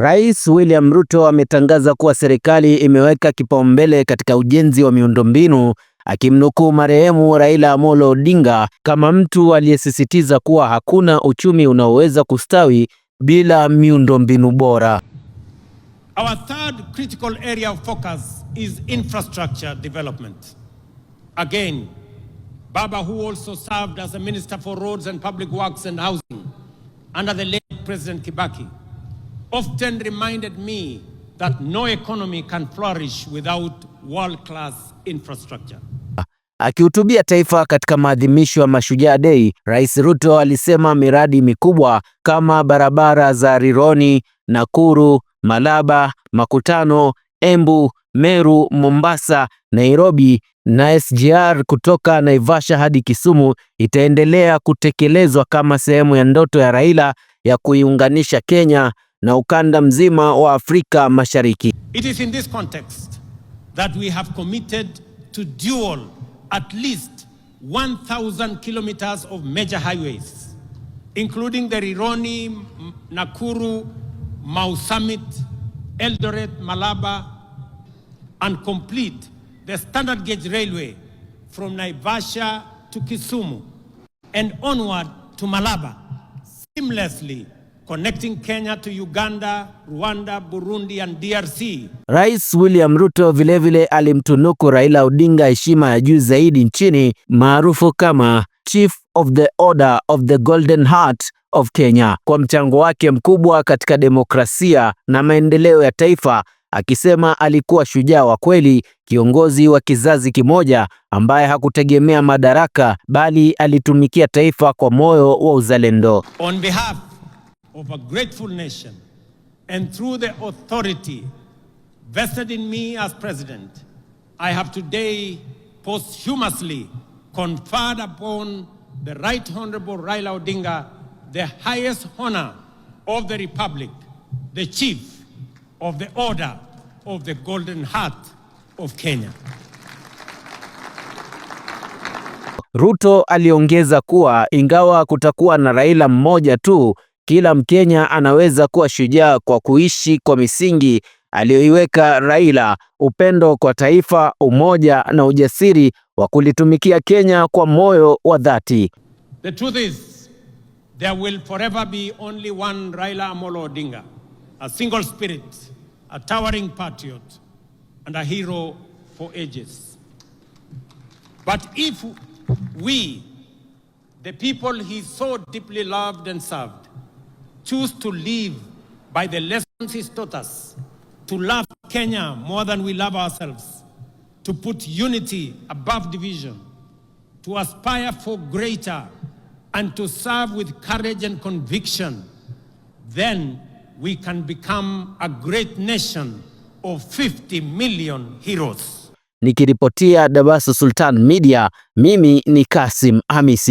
Rais William Ruto ametangaza kuwa serikali imeweka kipaumbele katika ujenzi wa miundombinu akimnukuu marehemu Raila Amolo Odinga kama mtu aliyesisitiza kuwa hakuna uchumi unaoweza kustawi bila miundombinu bora. Our third critical area of focus is infrastructure development. Again, Baba who also served as a minister for roads and public works and housing under the late President Kibaki often reminded me that no economy can flourish without world class infrastructure. Akihutubia taifa katika maadhimisho ya Mashujaa Day, Rais Ruto alisema miradi mikubwa kama barabara za Rironi, Nakuru, Malaba, Makutano, Embu, Meru, Mombasa, Nairobi na SGR kutoka Naivasha hadi Kisumu itaendelea kutekelezwa kama sehemu ya ndoto ya Raila ya kuiunganisha Kenya na ukanda mzima wa Afrika Mashariki. It is in this context that we have committed to dual at least 1000 kilometers of major highways including the Rironi, Nakuru, Mau Summit, Eldoret, Malaba and complete the standard gauge railway from Naivasha to Kisumu and onward to Malaba seamlessly Connecting Kenya to Uganda, Rwanda, Burundi and DRC. Rais William Ruto vilevile alimtunuku Raila Odinga heshima ya juu zaidi nchini maarufu kama Chief of the Order of the Golden Heart of Kenya kwa mchango wake mkubwa katika demokrasia na maendeleo ya taifa, akisema alikuwa shujaa wa kweli, kiongozi wa kizazi kimoja ambaye hakutegemea madaraka bali alitumikia taifa kwa moyo wa uzalendo. On behalf of a grateful nation and through the authority vested in me as president, I have today posthumously conferred upon the Right Honorable Raila Odinga the highest honor of the Republic, the Chief of the Order of the Golden Heart of Kenya. Ruto aliongeza kuwa ingawa kutakuwa na Raila mmoja tu kila Mkenya anaweza kuwa shujaa kwa kuishi kwa misingi aliyoiweka Raila: upendo kwa taifa, umoja na ujasiri wa kulitumikia Kenya kwa moyo wa dhati. The truth is there will forever be only one Raila Amolo Odinga, a single spirit, a towering patriot and a hero for ages. But if we the people he so deeply loved and served choose to live by the lessons he's taught us, to love Kenya more than we love ourselves, to put unity above division, to aspire for greater, and to serve with courage and conviction, then we can become a great nation of 50 million heroes. Nikiripotia Dabaso Sultan Media, mimi ni Kasim Amisi.